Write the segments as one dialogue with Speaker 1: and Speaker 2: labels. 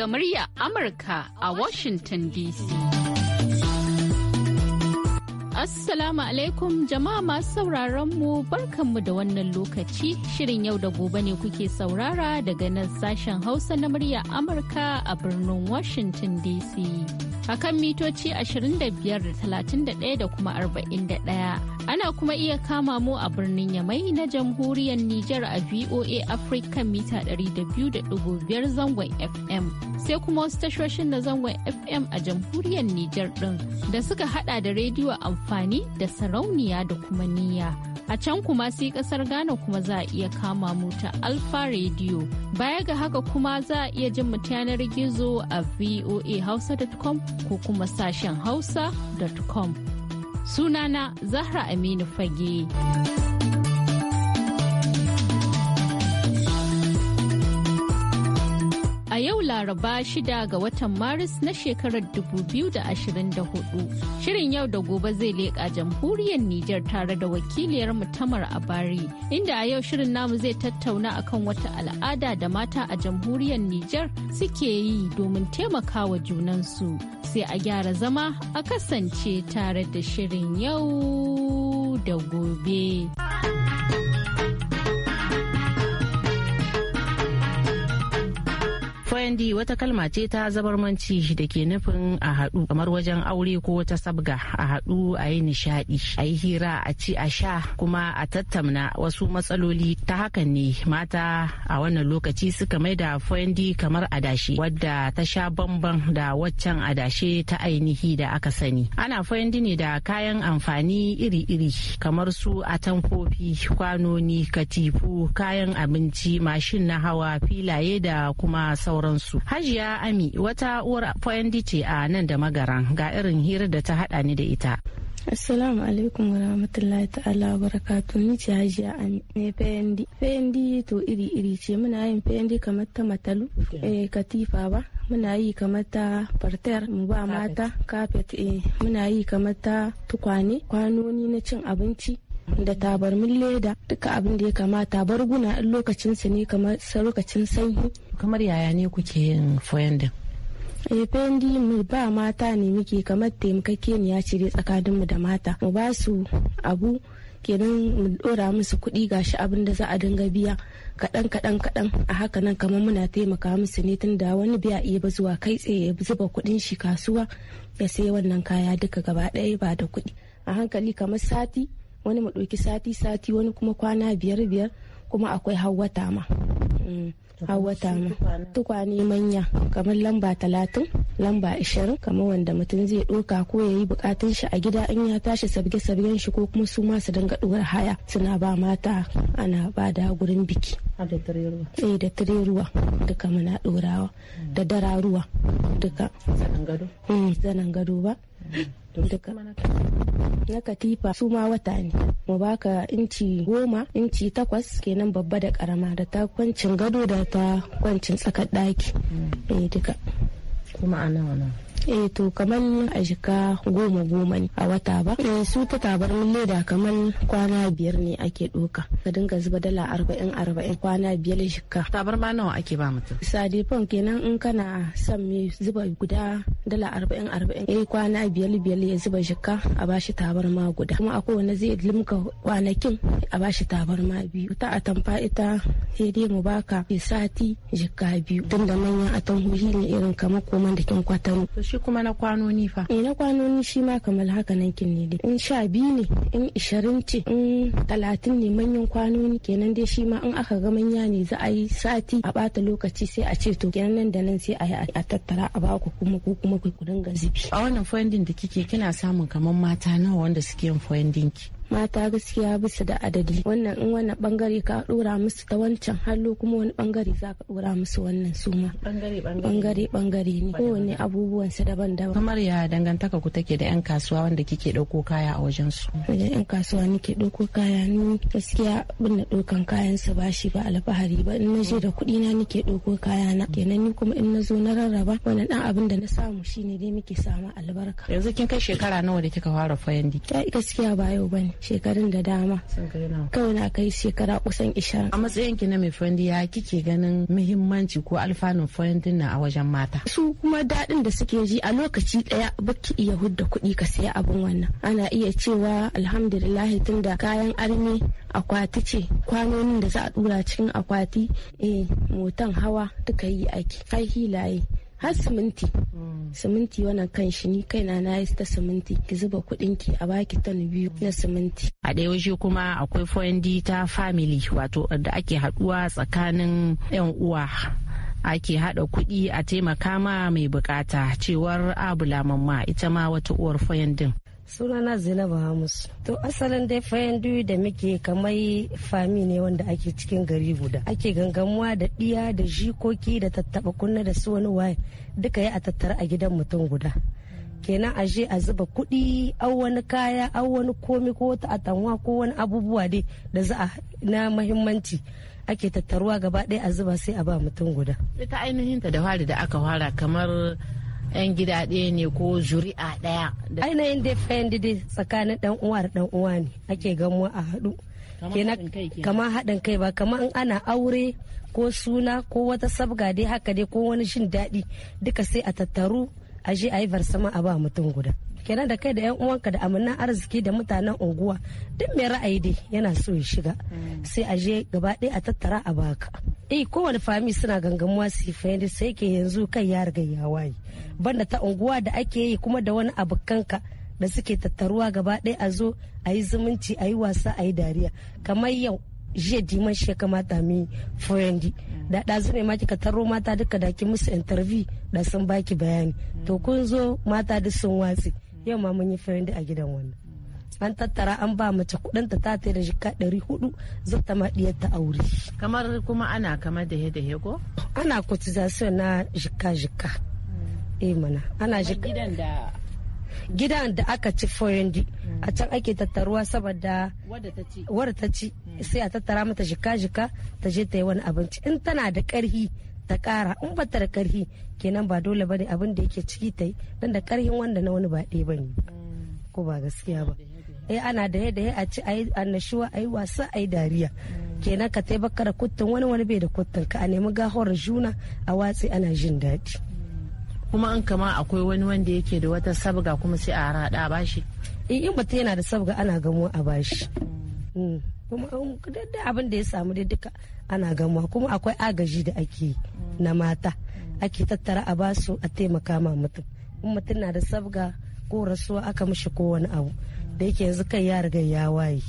Speaker 1: daga murya Amurka a Washington DC. Assalamu alaikum jama'a masu sauraron mu barkanmu da wannan lokaci shirin yau da gobe ne kuke saurara daga nan sashen Hausa na murya Amurka a birnin Washington DC. a kan mitoci 25 31 da kuma 41. Ana kuma iya kama mu a birnin Yamai na jamhuriyar Nijar a VOA Africa mita 200.5 zangon FM. Sai kuma wasu tashoshin na zangon FM a jamhuriyar Nijar ɗin da suka hada da rediyo amfani da sarauniya da kuma niyya. A can kuma sai kasar Ghana kuma za a iya kama mu ta Alfa Radio. Baya ga haka kuma za a iya jin mu yanar gizo a voahausa.com ko kuma sashen hausa.com. Sunana Zahra Aminu Fage. a yau laraba shida ga watan maris na shekarar 2024 shirin yau da gobe zai leƙa jamhuriyar nijar tare da wakiliyar mutamar a bari inda a yau shirin namu zai tattauna akan wata al'ada da mata a jamhuriyar nijar suke yi domin taimakawa junansu sai a gyara zama a kasance tare da shirin yau da gobe.
Speaker 2: Sandi wata kalma ce ta zabarmanci da ke nufin a haɗu kamar wajen aure ko ta sabga a haɗu a yi nishaɗi a yi hira a ci a sha kuma a tattamna wasu matsaloli ta hakan ne mata a wannan lokaci suka mai da Fendi kamar adashi wadda ta sha bamban da waccan adashe ta ainihi da aka sani. Ana Fendi ne da kayan amfani iri-iri kamar su atamfofi kwanoni katifu kayan abinci mashin na hawa filaye da kuma sauran su. Hajiya Ami wata uwar Poendi ce a nan da magaran ga irin hirar da ta haɗa ni da ita. Assalamu
Speaker 3: alaikum wa rahmatullahi ta'ala wa barakatu ni ce hajiya ami ne fendi fendi to iri iri ce muna yin fendi kamar ta matalu eh katifa ba muna yi kamar ta parter mu ba mata carpet eh muna yi kamar ta tukwane kwanoni na cin abinci da tabarmin leda duka abin da ya kamata barguna in lokacin su ne kamar lokacin sanyi
Speaker 2: kamar yaya ne kuke yin foyandin
Speaker 3: eh, fendi mu ba mata ne muke kamar ya cire tsakanin tsakaninmu da mata mu ba su abu kenan mu dora musu kuɗi gashi abin da za a dinga biya kaɗan kaɗan kaɗan a haka nan kamar muna taimaka musu ne tun da wani biya iya ba zuwa kai tsaye ya zuba kuɗin shi kasuwa ya sai wannan kaya duka gaba ɗaya ba da kuɗi a hankali kamar sati wani mu ɗauki sati sati wani kuma kwana biyar biyar kuma akwai hawata ma mm. hawata ma tukwane manya kamar lamba talatin lamba ashirin kamar wanda mutum zai ɗoka ko ya yi bukatun shi a gida in ya tashi sabge sabgen shi ko kuma su ma su dinga ɗora haya suna ba mata ana ba da gurin biki eh da ruwa duka muna ɗorawa da dararuwa duka zanen gado mm, ba na katifa su ma wata ne mu baka inci goma inci takwas kenan babba da karama da ta kwancin gado da ta kwancin tsakar daki eh, duka kuma a nawa eh to kamar a shiga goma goma ne a wata ba eh su ta tabarmin leda kamar kwana biyar ne ake doka ka dinga zuba dala arba'in arba'in kwana biyar shika ma nawa ake ba mutum sadifan kenan in kana son me zuba guda dala arba'in arba'in eh kwana biyar biyar ya zuba shika a bashi tabarma guda kuma akwai wani zai limka kwanakin a bashi tabarma biyu ta atamfa ita sai dai mu baka sati shika biyu tun da manyan atamhohi ne irin kamar koman da kin
Speaker 2: kwatano shi kuma na kwanoni fa
Speaker 3: eh na kwanoni shi ma kamar haka nan kin ne dai in sha biyu ne in ishirin ce in talatin ne manyan kwanoni kenan dai shi ma in aka ga manya ne za a yi sati a bata lokaci sai a ce to kenan nan da nan sai a yi a tattara a ba ku
Speaker 2: kuma ku kuma ku dinga zubi. a wannan finding da kike kina samun kamar mata nawa wanda suke yin finding ki
Speaker 3: mata gaskiya bisa da adadi wannan in wannan bangare ka dora musu ta wancan hallo kuma wani bangare za ka dora
Speaker 2: musu wannan suma
Speaker 3: bangare bangare ne kowane abubuwan su daban-daban kamar
Speaker 2: ya dangantaka ku take da yan kasuwa wanda kike dauko kaya a wajen su da yan kasuwa nake dauko kaya ni gaskiya bin na dokan kayan su ba shi ba alfahari
Speaker 3: ba in na je da kudi na nake dauko kaya na kenan ni kuma in na zo na rarraba wannan dan abin da na samu shine dai muke samu albarka
Speaker 2: yanzu kin kai shekara nawa da kika fara fayandi
Speaker 3: gaskiya ba yau bane shekarun da dama kawai na kai shekara kusan ishirin
Speaker 2: a matsayin ki na mai fundi ya kike ganin muhimmanci ko alfanun fundin na a wajen mata su kuma daɗin da suke ji a lokaci ɗaya baki iya hudda kuɗi ka siya abin wannan
Speaker 3: ana iya cewa alhamdulillah da kayan armi akwati ce kwanonin da za a tura cikin akwati eh motan hawa duka yi aiki kai hilaye har siminti siminti wannan kan shi ni kaina na yi ta siminti ki zuba kuɗin ki a baki ton biyu
Speaker 2: na siminti a ɗaya waje kuma akwai fondi ta family wato da ake haɗuwa tsakanin yan uwa ake haɗa kuɗi a taimaka ma mai bukata cewar abula mamma ita ma wata uwar fayandin sunana zainabu hamus
Speaker 4: to asalin dai fayan duyu da muke kamar fami ne wanda ake cikin gari guda ake gangamuwa da ɗiya da jikoki da tattaɓa kunna da su wani waye duka ya a tattara a gidan mutum guda kenan a je a zuba kuɗi au wani kaya au wani komi ko wata atanwa ko wani abubuwa dai da za a na mahimmanci ake tattaruwa gaba ɗaya a zuba sai a ba mutum guda
Speaker 2: ita ainihin ta da fari da aka fara kamar
Speaker 4: 'yan gida ɗaya ne ko zuri'a ɗaya. ainihin dai fayandidi tsakanin ɗan uwa da ɗan uwa ne ake gamuwa a haɗu kama haɗin kai ba kama in ana aure ko suna ko wata sabga dai haka dai ko wani shin daɗi duka sai a tattaru a je a yi barsama a ba mutum guda kenan da kai da yan uwanka da amanan arziki da mutanen unguwa duk mai ra'ayi dai yana so ya shiga mm. sai a je gaba ɗaya a tattara a baka eh kowane fami suna gangamuwa su yi fayyade sai ke yanzu kai ya riga ya waye banda ta unguwa da ake yi kuma da wani abu kanka da suke tattaruwa gaba ɗaya a zo a yi zumunci a yi wasa a yi dariya kamar yau jiya diman shi kamata mu foyandi da ɗazu ne maki ka taro mata duka da ki musu interview da sun baki bayani to kun zo mata duk sun watse yau ma mun yi foyandi a gidan wannan an tattara an ba mace kudin ta ta da jika ɗari hudu zata ma ta aure.
Speaker 2: kamar kuma ana kamar da da ko?
Speaker 4: ana cotisation na jika jika mm. eh mana ana jika gidan da gidan da aka ci foyandi a can ake tattaruwa saboda wadda ta ci hmm. sai a tattara mata jika-jika ta je ta yi wani abinci in tana da karhi ta kara in bata da karhi kenan ba dole bane abin da yake ciki ta yi don da karhin wanda na wani ba ɗaya ne hmm. ko ba gaskiya ba eh ana da yadda a ci a yi annashuwa yi wasa a yi dariya hmm. kenan ka taimaka da kuttun wani wani bai da kuttun ka a nemi gahuwar juna a watsi ana jin daɗi
Speaker 2: kuma in kama akwai wani wanda yake da wata sabga kuma sai a rada bashi in bata yana da sabga ana
Speaker 4: gamuwa a bashi mm. kuma um, da abin da ya samu dai duka ana gamuwa kuma akwai agaji da ake na mata ake tattara a basu a taimaka ma mutum in mutum na da sabga ko rasuwa aka mishi ko wani abu da yake yanzu kai ya riga ya waye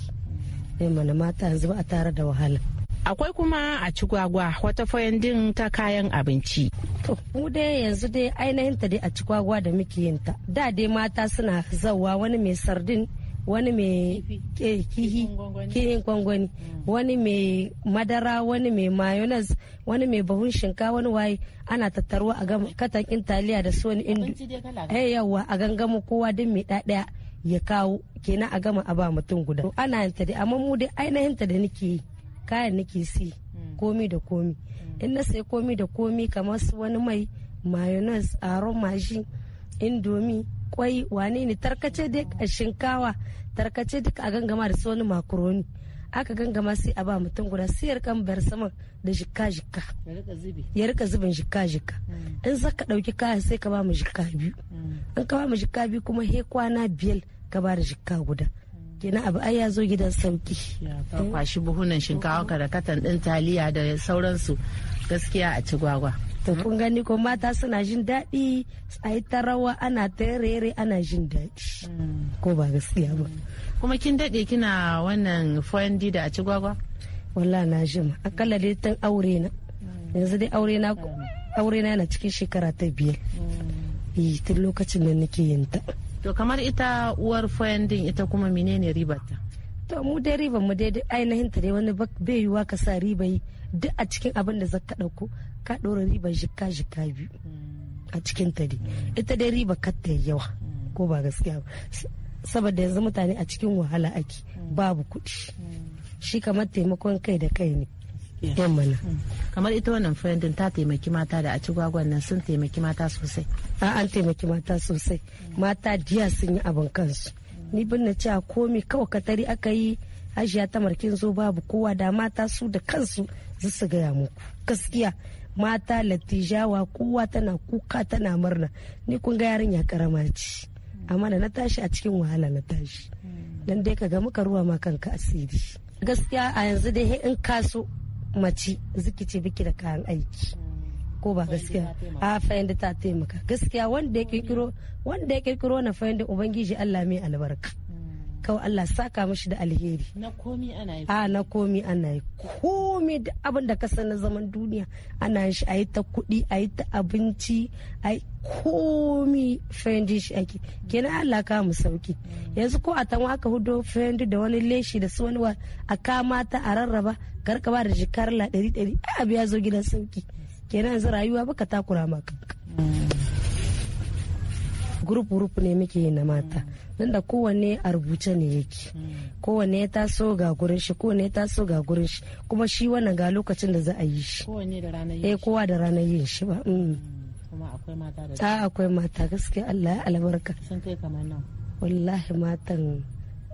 Speaker 4: eh, mana mata yanzu ba a tare da wahala
Speaker 5: akwai kuma a
Speaker 2: cigwagwa wata din ta kayan abinci to
Speaker 4: mu dai yanzu dai ainihin ta dai a cigwagwa da muke yin ta da dai mata suna zauwa wani mai sardin wani mai kihin gwangwani mm. wani mai madara wani mai mayonnaise wani mai bahun shinkawa wani waye ana tattaruwa a gama katakin taliya da su wani indu eh yawa a gangama kowa din mai ɗaɗaya ya kawo kenan a gama a ba mutum guda ana yin ta dai amma mu dai ainihin ta da nake yi kayan nake si mm. komi da komi mm. in na sai komi da komi kamar su wani mai mayonnaise aron mashi indomi kwai wane ne tarkace dai a shinkawa tarkace duk a gangama da su wani makaroni aka gangama sai a ba mutum guda sai ya rika bar saman da jikka jikka ya rika zubin jikka jikka mm. in za ka dauki kaya sai ka ba mu jikka biyu in ka ba mu jikka biyu kuma he kwana biyar ka ba da jikka guda kenan abu ai ya zo gidan sauki eh. kwashi buhunan shinkawa ka da katan din taliya da sauransu gaskiya a ci gwagwa to kun gani ko mata suna jin daɗi a yi ta rawa ana ta rere ana jin daɗi mm. ko ba gaskiya ba
Speaker 2: kuma kin daɗe kina wannan fondi da a ci gwagwa walla na jin akalla dai ta
Speaker 4: aure na mm. yanzu dai aure na mm. aure na yana cikin shekara ta biyar eh, tun lokacin da nake yin ta
Speaker 2: to kamar ita uwar din ita kuma menene
Speaker 4: ta. to mu dai ribar mu dai ainihin ta dai wani bai yiwuwa ka sa riba yi duk a cikin abin da zaka dauko ka dora ribar jikka jikka biyu a cikin ta dai ita dai riba kar ta yawa ko ba gaskiya ba saboda yanzu mutane a cikin wahala
Speaker 2: ake babu kuɗi shi kamar taimakon kai da kai ne yan mana mm. kamar ita wannan friendin ta taimaki mata da a ci gwagwan nan sun taimaki mata sosai a an
Speaker 4: taimaki mata sosai mata jiya sun yi abin kansu mm. ni bin na cewa komi kawai katari aka yi hajiya ta markin zo babu kowa da mata su da kansu su gaya muku gaskiya mata latijawa kowa tana kuka tana murna ni kun ga yarinya karama ce mm. amma na tashi a cikin wahala na tashi dan dai ka ga muka ruwa ma kanka asiri gaskiya a yanzu dai in kaso mace ziki ce biki da kayan aiki ko ba gaskiya a fayin da ta taimaka gaskiya wanda ya kirkiro na ya da ubangiji Allah mai albarka kawai Allah saka mashi da alheri
Speaker 2: na komi ana yi a na
Speaker 4: komi ana yi komi da abin da ka na zaman duniya ana shi a yi ta kuɗi a yi ta abinci a yi komi fendi shi ake kenan Allah ka mu sauki yanzu ko a tan aka hudo fendi da wani leshi da su wani a kama ta a rarraba karkaba da jikarla ɗari ɗari a ya zo gidan sauki kenan yanzu rayuwa baka takura ma kanka gurup-gurup ne muke yi na mata nan da kowanne a rubuce ne yake kowanne ya taso ga gurin shi kowanne ya taso ga gurin shi kuma shi wannan ga lokacin da za a yi shi eh kowa da ranar yin shi ba mm.
Speaker 2: Mm. ta
Speaker 4: akwai mata gaskiya Allah ya albarka wallahi matan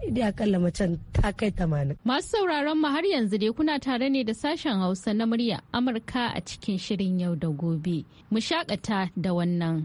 Speaker 4: idi akalla macen ta kai tamanin.
Speaker 1: Masu sauraron mu har yanzu dai kuna tare ne da sashen Hausa na murya Amurka a cikin shirin yau da gobe. Mu shakata da wannan.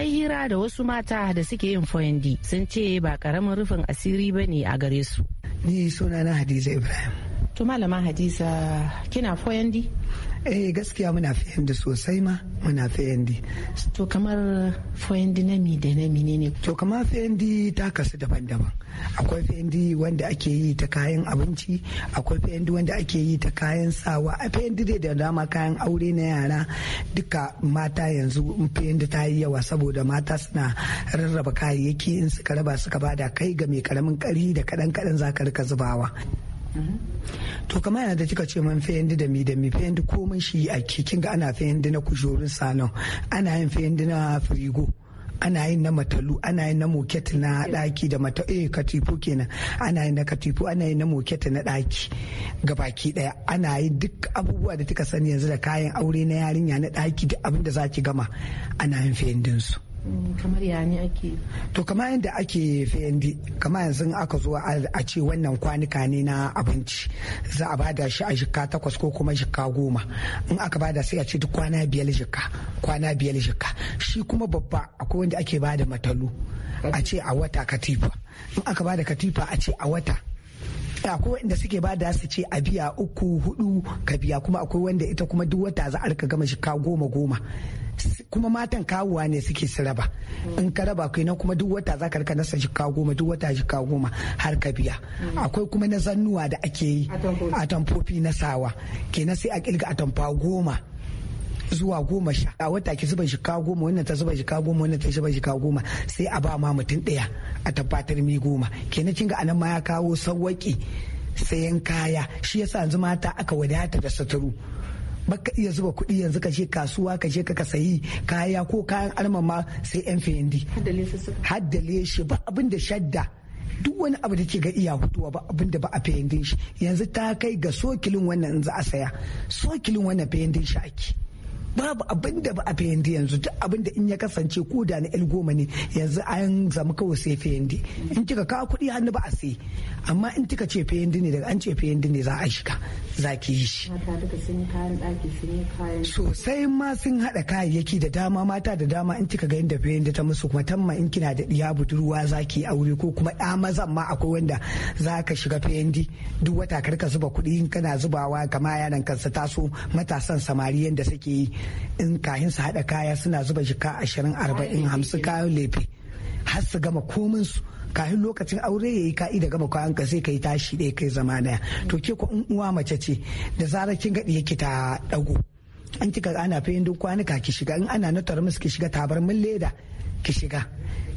Speaker 2: yi hira da wasu mata da suke yin foyandi sun ce ba karamin rufin asiri ba ne a gare su ni suna na hadiza ibrahim to malama
Speaker 6: hadiza kina foyandi eh gaskiya muna fahimta sosai ma muna fahimta to kamar fahimta na mi da na mi ne to kamar fahimta ta kasu daban-daban akwai fendi wanda ake yi ta kayan abinci akwai fendi wanda ake yi ta kayan sawa a fendi dai da dama kayan aure na yara duka mata yanzu fendi ta yi yawa saboda mata suna rarraba kayayyaki in suka raba suka bada kai ga mai karamin kari da kadan kadan zaka rika zubawa mm-hmm. to kamar yana da kika ce man fendi da mi da mi fayan komai shi ake ga ana fendi na kujerun sanau ana yin fayan na firigo ana yin na matalu ana yin na moketi na daki da mata eh katifu kenan ana yin na katifu ana yin na moket na daki baki daya ana yin duk abubuwa da kika sani yanzu da kayan aure na yarinya na daki da abin da zaki gama ana yin fendin Mm, kamar ya ne ake to kamar yadda ake fnd kamar yanzu aka zo a ce wannan kwanuka ne na abinci za a bada shi a jika takwas ko kuma jika goma in aka bada sai a ce duk kwana biyar jika kwana biyar jika shi kuma babba akwai wanda ake bada matalu a ce a wata katifa in aka bada katifa a ce a wata akwai wanda suke ba da su ce a biya uku hudu ka biya kuma akwai wanda ita kuma duk wata za a rika gama shika goma goma kuma matan kawuwa ne suke su raba in ka raba kai nan kuma duk wata za ka rika nasa jika goma duk wata jika goma har ka biya mm. akwai kuma na zannuwa da ake yi a tamfofi na sawa kenan sai a kilga a tamfa goma zuwa goma sha a wata ki zuba jika goma wannan ta zuba jika goma wannan ta zuba jika goma sai a ba ma mutum ɗaya a tabbatar mi goma kenan ga anan ma ya kawo sawwaki sayan kaya shi yasa yanzu mata aka wadata da suturu baka iya zuba kuɗi yanzu ka je kasuwa ka je ka sayi kaya ko kayan almama sai yan fendi haddale shi ba abin da shadda duk wani abu da ke ga iya hutuwa ba abin da ba a fayandin shi yanzu ta kai ga sokilin wannan in za a saya sokilin wannan fendin shi ake babu abin da ba a fayyandi yanzu duk abin da in ya kasance ko da na goma ne yanzu an zama kawai sai fayyandi in kika kawo kuɗi hannu ba a sai amma in kika ce fayyandi ne daga an ce fayyandi ne za a shiga za ki yi shi. sosai ma sun haɗa kayayyaki da dama mata da dama in kika ga yadda fayyandi ta musu kuma tamma in kina da ɗiya budurwa za ki aure ko kuma ɗa mazan ma akwai wanda za ka shiga fayyandi duk wata karka zuba kuɗi kana zubawa kama yanan kansa taso matasan samari yadda suke yi in kahin su haɗa kaya suna zuba jika ashirin arba'in hamsin kayan lefe har su gama komin su kahin lokacin aure ya yi ka'i da gama kayan sai ka yi tashi ɗaya kai zama daya to ke ko in uwa mace ce da zarar kin gaɗi ki ta ɗago an kika ana fahimtar kwanuka ki shiga in ana na tarmus ki shiga tabarmin leda ki shiga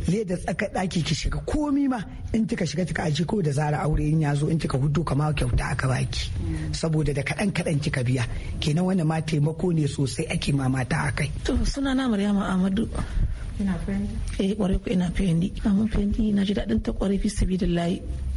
Speaker 6: leda tsakar daki ki shiga komi ma in tika shiga tika aje ko da zara aure in yazo in tika hudu kama kyauta aka baki saboda da kadan kadan kika biya kenan wannan ma taimako ne sosai ake mamata akai
Speaker 7: to suna na Maryama Ahmadu ina fahimta eh, kwarai ku ina fahimti amma fahimti na ji daɗin ta kwarai fi sabilillahi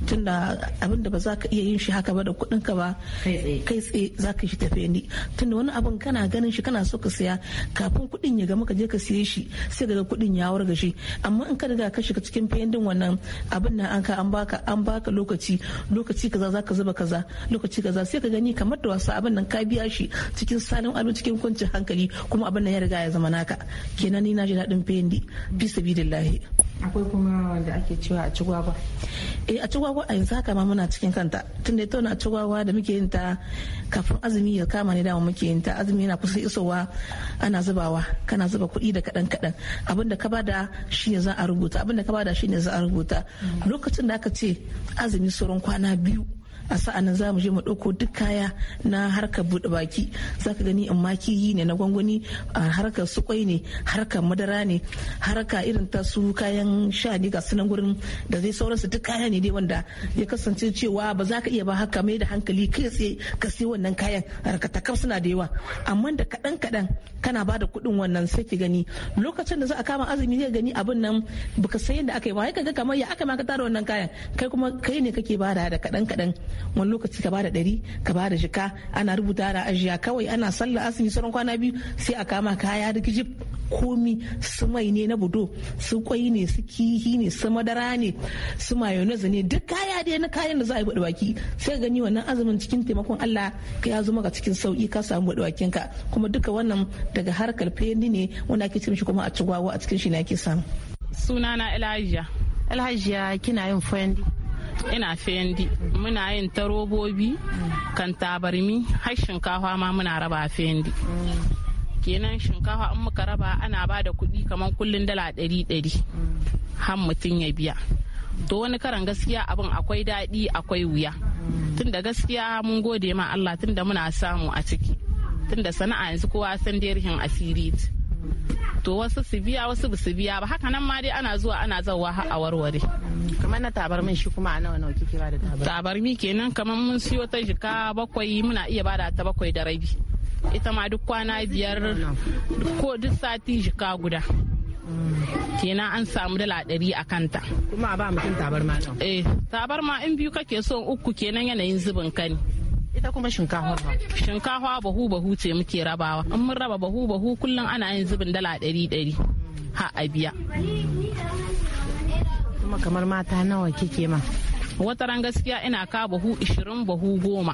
Speaker 7: tunda abin da ba za ka iya yin shi haka ba da kuɗin ka ba kai tsaye za ka shi tafiya ni tunda wani abin kana ganin shi kana so ka siya kafin kuɗin ya gama ka je ka siye shi sai ga kuɗin ya warga shi amma in ka riga ka shiga cikin fayandin wannan abin na an ka an baka an baka lokaci lokaci kaza za ka zuba kaza lokaci kaza sai ka gani kamar da wasa abin nan ka biya shi cikin salon ado cikin kwanci hankali kuma abin nan ya riga ya zama naka kenan ni na ji daɗin fayandi bi bi lahi. akwai kuma wanda ake cewa a cigwagwa eh a cigwagwa a yanzu haka ma muna cikin kanta tun da tauna cigwagwa da muke yin ta kafin azumi ya kama ne dama muke yin ta azumi yana kusa isowa ana zubawa kana zuba kuɗi da kaɗan kaɗan abin da ka bada ne za a rubuta abin da ka bada ne za a rubuta mm. lokacin da aka ce azumi sauran kwana biyu a sa'anan za mu je mu ɗauko duk kaya na harkar buɗe baki za ka gani in maki yi ne na gwangwani a harkar su ne harkar madara ne harka irin ta su kayan sha ne ga sunan gurin da zai sauransu duk kaya ne dai wanda ya kasance cewa ba za ka iya ba haka mai da hankali kai tsaye ka sai wannan kayan kaf suna da yawa amma da kaɗan kaɗan kana ba da kuɗin wannan sai ki gani lokacin da za a kama azumi zai gani abin nan baka sayar da aka yi ba ka ga kamar ya aka ma ka tara wannan kayan kai kuma kai ne kake ba da kaɗan kaɗan wani lokaci ka bada ɗari ka bada jika ana rubuta ana ajiya kawai ana sallah asibiti sauran kwana biyu sai a kama kaya rigijib komi su mai ne na budo su kwai ne su kihi ne su madara ne su mayonnaise ne duk kaya dai na kayan da za a yi buɗe baki sai gani wannan azumin cikin taimakon Allah ka ya zo maka cikin sauki ka samu buɗe ka kuma duka wannan daga harkar fayani ne wanda ake cin shi kuma a ci cigwawa a cikin shi na ake samu
Speaker 5: sunana Elijah Alhajiya kina yin fendi ina fendi muna yin ta robobi kan tabarmi har shinkafa ma muna raba fendi kenan shinkafa in muka raba ana ba da kuɗi kamar kullun dala ɗari ɗari har mutum ya biya to wani karan gaskiya abin akwai daɗi akwai wuya tunda gaskiya mun gode ma Allah tunda muna samu a ciki tunda sana'a yanzu kowa san derhin asiri to wasu su biya wasu su biya ba haka nan ma dai ana zuwa ana zawa har a warware kamar na tabarmin shi kuma a nawa nawa kike ba da tabarmi tabarmi kenan kamar mun siyo ta jika bakwai muna iya bada ta bakwai da rabi ita ma duk kwana biyar ko duk sati jika guda kenan an samu dala ɗari a kanta kuma a ba mutum tabarma ɗin eh tabarma in biyu kake so uku kenan yanayin zubin ka ne ita kuma shinkafa ba shinkafa bahu bahu ce muke rabawa in mun raba bahu bahu kullum ana yin zubin dala ɗari ɗari ha a biya kuma kamar mata nawa kike ma wata ran gaskiya ina ka bahu 20 bahu goma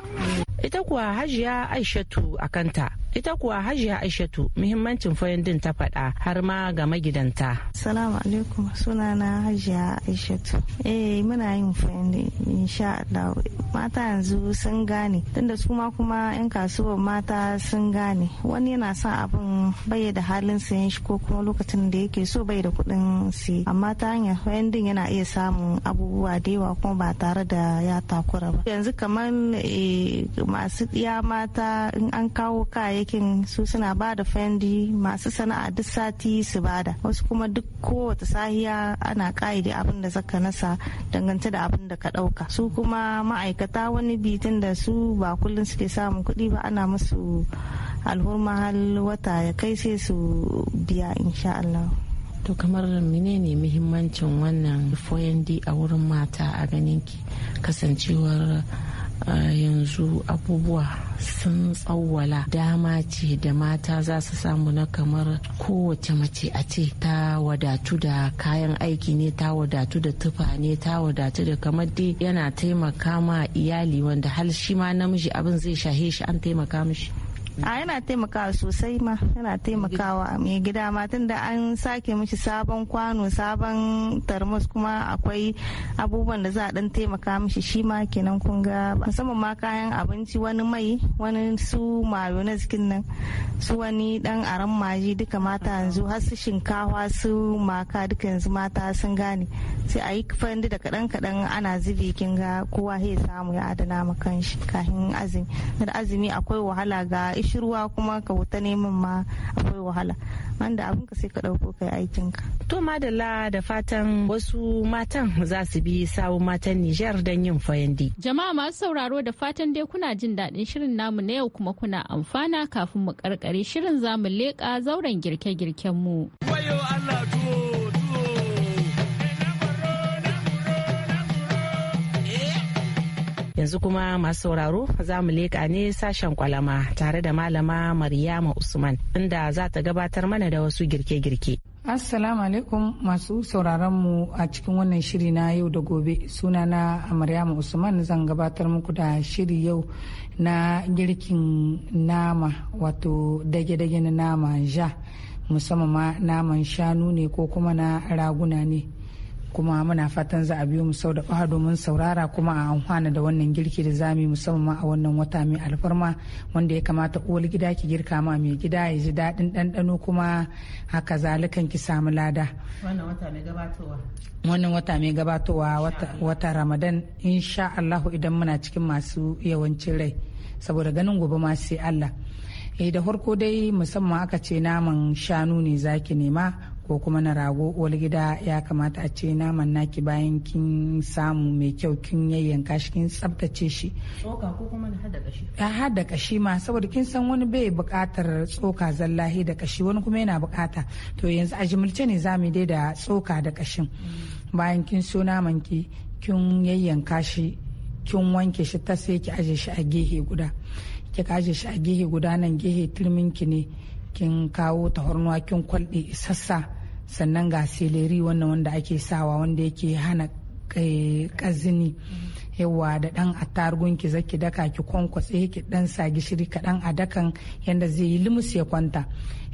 Speaker 5: ita kuwa
Speaker 2: hajiya aishatu a kanta ita kuwa hajiya aishatu muhimmancin din ta faɗa har ma ga magidanta
Speaker 8: salamu alaikum na hajiya aishatu eh muna yin fayandin insha Allah mata yanzu sun gane tunda su ma kuma yan kasuwar mata sun gane wani yana sa abin bai da halin sayan shi ko kuma lokacin da yake so bai da kuɗin siye amma ta hanyar din yana iya samun abubuwa da yawa kuma ba tare da ya takura ba yanzu kamar eh, masu ɗiya mata in an kawo kayayyakin su suna ba da fendi masu sana'a duk sati su bada wasu kuma duk kowace sahiya ana ƙa'ide abin da zaka nasa dangance da abin da ka ɗauka su kuma ma'aikata wani bitin da su ba kullum suke samun kuɗi ba ana musu alhurma hal wata ya kai sai su biya insha Allah. To kamar menene muhimmancin wannan di a wurin
Speaker 2: mata a ganinki kasancewar yanzu abubuwa sun tsawwala dama ce da mata za su samu na kamar kowace mace a ce ta wadatu da kayan aiki ne ta wadatu da tufa ne ta wadatu da kamar dai yana taimaka ma iyali wanda hal shi ma namiji abin zai shahe shi an taimaka mishi
Speaker 8: a yana taimakawa sosai ma yana taimakawa mai gida ma tunda an sake mishi sabon kwano sabon tarmus kuma akwai abubuwan da za a dan taimaka mishi shi ma kenan kun ga musamman ma kayan abinci wani mai wani su mayonnaise kin nan su wani dan aran maji duka mata yanzu har su shinkawa su maka duka yanzu mata sun gane sai a yi fandi da kadan kadan ana zubi kin ga kowa ya samu ya adana ma shi kafin azumi da azumi akwai wahala ga shiruwa ruwa kuma ka wuta neman ma akwai wahala wanda abin ka
Speaker 1: sai ka ɗauko kai aikin ka.
Speaker 2: To madalla da fatan wasu matan za su bi sawun matan Nijar don yin fayandi.
Speaker 1: Jama'a masu sauraro da fatan dai kuna jin daɗin shirin namu na yau kuma kuna amfana kafin mu karkare shirin zamu leƙa zauren girke-girken mu.
Speaker 6: Allah
Speaker 2: Yanzu kuma masu sauraro za mu leƙa ne sashen kwalama tare da malama Maryama Usman inda za ta gabatar mana da wasu girke-girke.
Speaker 9: Assalamu alaikum masu sauraron mu a cikin wannan shiri na yau da gobe suna sunana Maryama Usman zan gabatar muku da shiri yau na girkin nama wato dage-dage na nama ja musamman naman shanu ne ko kuma na raguna ne kuma muna fatan za a biyo mu sau da ƙaha domin saurara kuma a amfana da wannan girki da zami musamman a wannan wata mai alfarma wanda ya kamata uwar gida ki girka ma mai gida ya ji daɗin ɗanɗano kuma haka zalikan ki samu lada
Speaker 2: wannan wata mai gabatowa
Speaker 9: wannan wata mai gabatowa wata ramadan insha allahu idan muna cikin masu yawancin rai saboda ganin gobe ma sai allah eh da farko dai musamman aka ce naman shanu ne zaki nema ko kuma na rago uwar gida ya kamata a ce naman naki bayan kin samu mai kyau kin yayyanka shi kin tsabtace shi
Speaker 2: kashi
Speaker 9: ya hada kashi ma saboda kin san wani bai bukatar tsoka zallahi da kashi wani kuma yana bukata to yanzu a jimilce ne za dai da tsoka da kashin bayan kin so naman ki kin yayyanka shi kin wanke shi ta sai ki aje shi a gehe guda ki aje shi a gehe guda nan gehe turminki ne kin kawo tahornuwa kin kwalɗe sassa sannan ga seleri wannan wanda ake sawa wanda yake hana kazini yawa da dan attarugun ki zaki daka ki kwankwatsa ki dan sa gishiri kaɗan a dakan yanda zai yi limus ya kwanta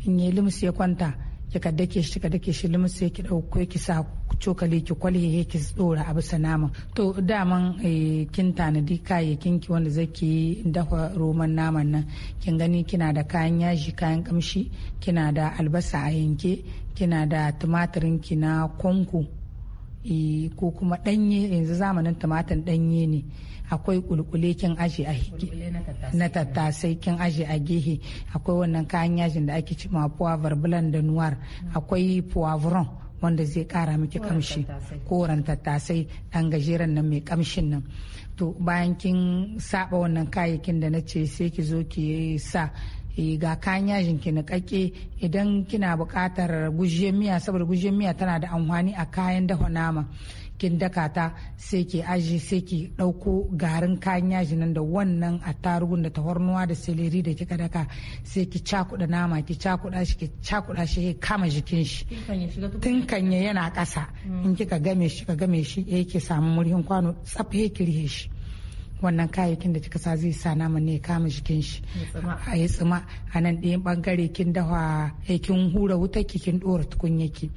Speaker 9: in yi limus ya kwanta kika dake shi kika dake shi limus ya ki dauko ki sa cokali ki kwalhe ki tsora a bisa nama to daman eh, kin tanadi kayayyakin ki wanda zaki dafa roman naman nan kin gani kina da kayan yaji kayan kamshi kina da albasa a yanke kina da tumatirin ki na kwanko e, ko kuma danye yanzu zamanin tumatir ɗanye ne akwai kulkule kin aji a na tattasai kin aji a gehe akwai wannan kayan yajin da ake cima puwavar bulan da nuwar akwai puwavron wanda zai kara miki kamshi ran tattasai dan gajeren nan mai kamshin nan to bayan kin saba wannan kayayyakin da na ce sai ki zo ki sa Eh, ga kayan yajin ki niƙaƙe idan kina buƙatar gujiyar miya saboda gujiyar miya tana da amfani a kayan dafa nama kin daka ta sai ki aji sai ki ɗauko garin kayan yaji nan da wannan attarugun da tahornuwa da seleri da kika daka sai ki cakuɗa nama ki cakuɗa shi ki cakuɗa shi ya kama jikin shi tun kanye yana ƙasa in kika game shi ka game shi ya eh, ke samu murhin kwano tsaf ya ki shi wannan kayayyakin da kika sa zai sa naman ne kama jikin shi a yi tsima a nan ɗayan ɓangare kin dawa eh, kin hura wuta ki kin ɗora ki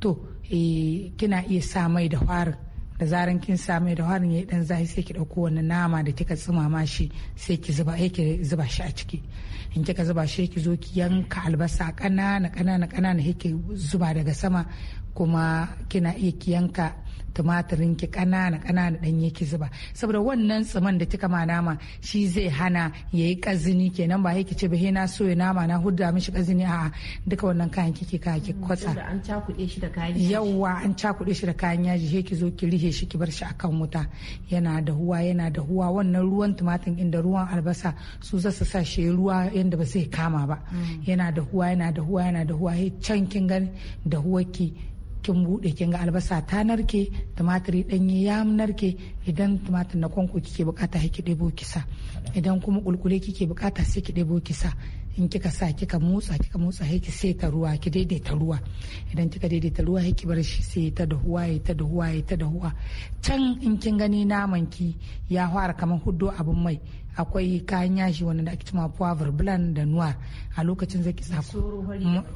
Speaker 9: to eh, kina iya sa mai da farin da zaran kin sa mai da harin ya dan zafi sai ki ɗauko wani nama da kika ma shi sai ki zuba ai eh, ki zuba shi a ciki in kika zuba shi ki zo ki yanka albasa ƙanana ƙanana kanana ki zuba daga sama kuma kina iya kiyanka tumatirin ki kanana kanana dan ki zuba saboda wannan tsaman da kika ma nama shi zai hana yayi kazini kenan ba yake ce ba ina na so ya nama na hudda mishi kazini a'a duka wannan kayan kike ka ki
Speaker 2: mm, kwatsa an cakude shi da kayan yawa
Speaker 9: an cakude shi da kayan yaji he ki zo ki rihe shi ki bar shi akan wuta yana da huwa yana da huwa wannan ruwan tumatir inda ruwan albasa su za su sa ruwa yanda ba zai kama ba mm. yana da huwa yana da huwa yana da huwa he can kin gani da huwa ki kin bude kin ga albasa ta narke tumatiri danye ya narke idan tumatir na kwanko kike bukata ki ɗebo kisa idan kuma kulkule kike bukata sai ki ɗebo kisa in kika sa kika motsa kika motsa haiki sai ta ruwa ki daidaita ruwa idan kika daidaita ruwa haiki ki bar shi sai ta dahuwa ya ta dahuwa ya ta dahuwa can in kin gani naman ki ya fara kamar huddo abin mai akwai kayan yashi wanda ake cewa poivre blanc da noir a lokacin zaki sa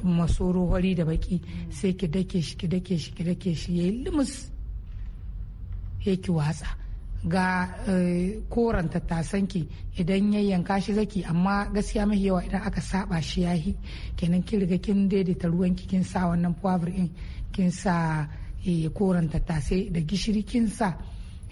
Speaker 9: masoro hori da baki mm. sai ki dake shi ki dake shi ki dake shi yayi limus yake watsa ga eh, koren ki idan ya yanka shi zaki amma gaskiya mafi yawa idan aka saba shi ya yi kenan kin riga kin daidaita ruwan kin sa wannan poivre ɗin kin sa eh, koren tattasai da gishiri kin sa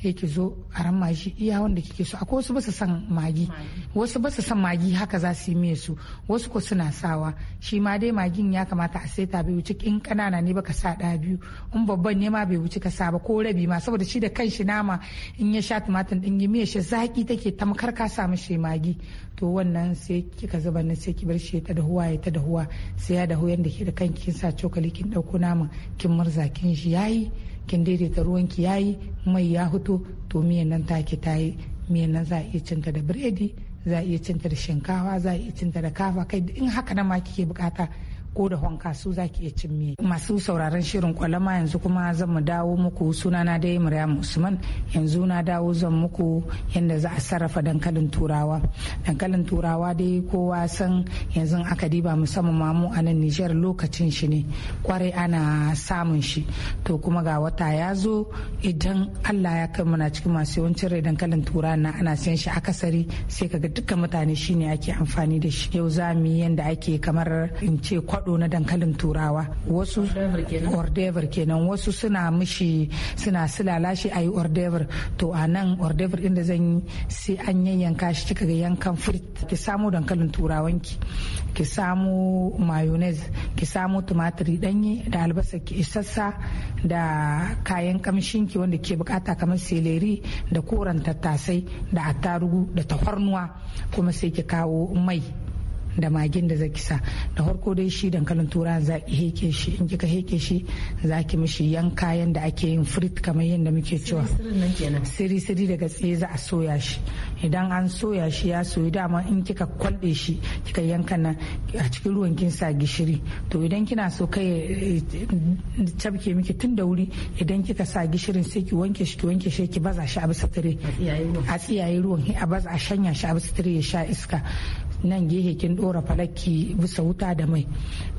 Speaker 9: sai ki zo a ramma shi iya wanda kike so akwai wasu basu san magi wasu basu san magi haka za su yi miya su wasu ko suna sawa shi ma dai magin ya kamata a saita bai wuce in kanana ne baka sa da biyu in babban ne ma bai wuce ka sa ba ko rabi ma saboda shi da kanshi nama in ya sha tumatir din ya miya shi zaki take tamkar ka sa mishi magi to wannan sai kika zuba nan sai ki bar shi ta dahuwa ya ta dahuwa sai ya dahu yanda ke da kanki kin sa cokali kin ɗauko nama kin murza kin shi yayi kin daidaita ruwan ki yayi mai ya fito to miyan nan take tayi miyan nan za a iya cinta da biredi za a iya cinta da shinkawa za a iya cinta da kafa kai in haka na ma kike bukata ko da wanka su zaki iya cin masu sauraron shirin kwalama yanzu kuma zan mu dawo muku sunana dai Maryam Usman yanzu na dawo zan muku yadda za a sarrafa dankalin turawa dankalin turawa dai kowa san yanzu aka diba musamman mamu a nan Nijar lokacin shi ne kwarai ana samun shi to kuma ga wata ya zo idan Allah ya kai muna cikin masu yawancin rai dankalin turawa na ana sayan shi akasari sai kaga dukkan mutane shine ake amfani da shi yau za mu yi yadda ake kamar in ce kwaɗo na dankalin turawa wasu ordever kenan wasu suna mishi suna silala shi a yi ordever to a nan ordever inda zan yi sai an yayyanka shi kika ga yankan frit ki samu dankalin turawan ki ki samu mayonnaise ki samu tumatir danye da albasa ki isassa da kayan kamshinki wanda ke bukata kamar seleri da koran tattasai da attarugu da tafarnuwa kuma sai ki kawo mai da magin da zaki sa da farko dai shi dankalin tura za ki heke shi in kika heke shi za ki mishi kayan da ake yin frit kamar yadda muke cewa siri siri daga tsaye za a soya shi idan an soya shi ya soyu dama in kika kwalɗe shi kika yanka na a cikin ruwan kin sa gishiri to idan kina so kai cabke miki tun da wuri idan kika sa gishirin sai ki wanke shi ki wanke shi ki baza shi a bisa tire a tsiyaye ruwan a baza a shanya shi a bisa tire ya sha iska nan gehe kin dora falaki bisa wuta da mai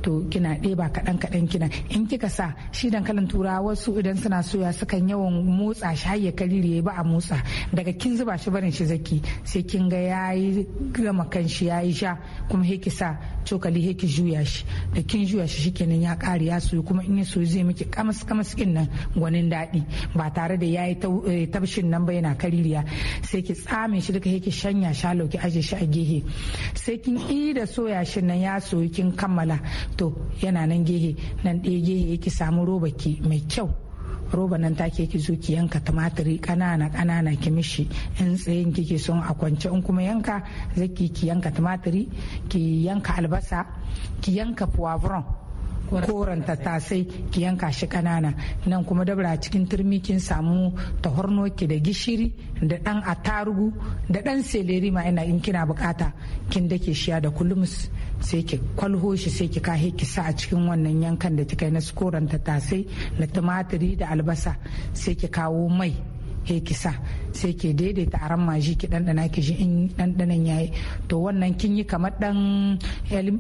Speaker 9: to kina ɗeba kaɗan kaɗan kina in kika sa shi dankalin turawa wasu idan suna soya sukan yawan motsa shi har ya kalli ba a motsa daga kin zuba shi barin shi zaki sai kin ga yayi gama kanshi yayi sha kuma he sa cokali he ki juya shi da kin juya shi shikenan ya kare ya soyu kuma in ya soyu zai miki kamas kamas kin nan gwanin daɗi ba tare da yayi eh, tabshin nan ba yana kaririya sai ki tsame shi duka he ki shanya shalo ki aje shi a gehe sai kin yi da soya shi nan ya soyu kin kammala to yana nan gehe nan ɗaya gehe ki samu roba ki mai kyau roba nan take ki zo ki yanka tumatiri ƙanana ƙanana ki mishi in tsayin kike son a kwance in kuma yanka zaki ki yanka tumatiri ki yanka albasa ki yanka poivron koren tattasai ki yanka shi kanana nan kuma dabra cikin turmi kin samu ki da gishiri da dan atarugu da dan seleri ma ina in kina bukata kin dake shiya da kulmus sai ki kwalho shi sai ki kahe ki sa a cikin wannan yankan da kika yi na koren tattasai na tumatiri da albasa sai ki kawo mai he ki sai ke daidaita aran maji ki ɗanɗana ki ji in ɗanɗanan yayi to wannan kin yi kamar ɗan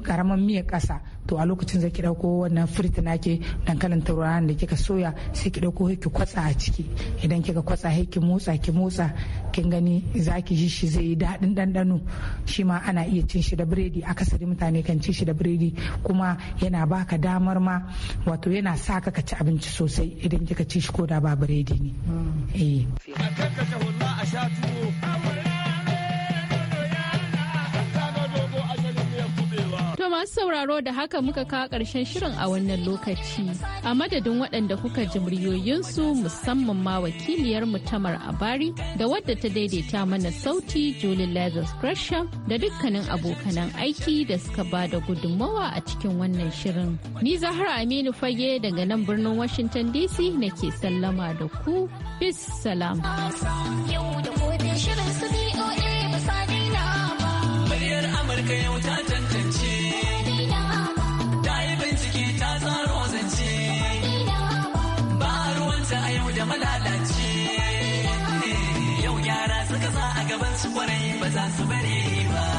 Speaker 9: karamin eh, miya ƙasa to a lokacin zai ki ɗauko wannan firit nake dankalin turawa da kika soya sai ki ɗauko ki kwatsa a ciki idan kika kwatsa sai ki motsa ki motsa kin gani za ki ji shi zai yi daɗin ɗanɗano shi ma ana iya cin shi da biredi akasari mutane kan ci shi da biredi kuma yana baka damar ma wato yana sa ka ci abinci sosai idan kika ci shi ko da ba biredi ne. Mm.
Speaker 8: Eh. wallahi a sha tuwo
Speaker 1: masu sauraro da haka muka kawo ƙarshen shirin a wannan lokaci. A madadin waɗanda kuka ji muryoyinsu musamman ma wakiliyar mutamar abari da wadda ta daidaita mana sauti Julie Lazarus Gresham da dukkanin abokanan aiki da suka ba da gudunmawa a cikin wannan shirin. Ni Zahra Aminu Fage daga nan birnin Washington DC nake sallama da ku. Bis salam.
Speaker 7: Amurka yau ta kwarai ba za su bari ba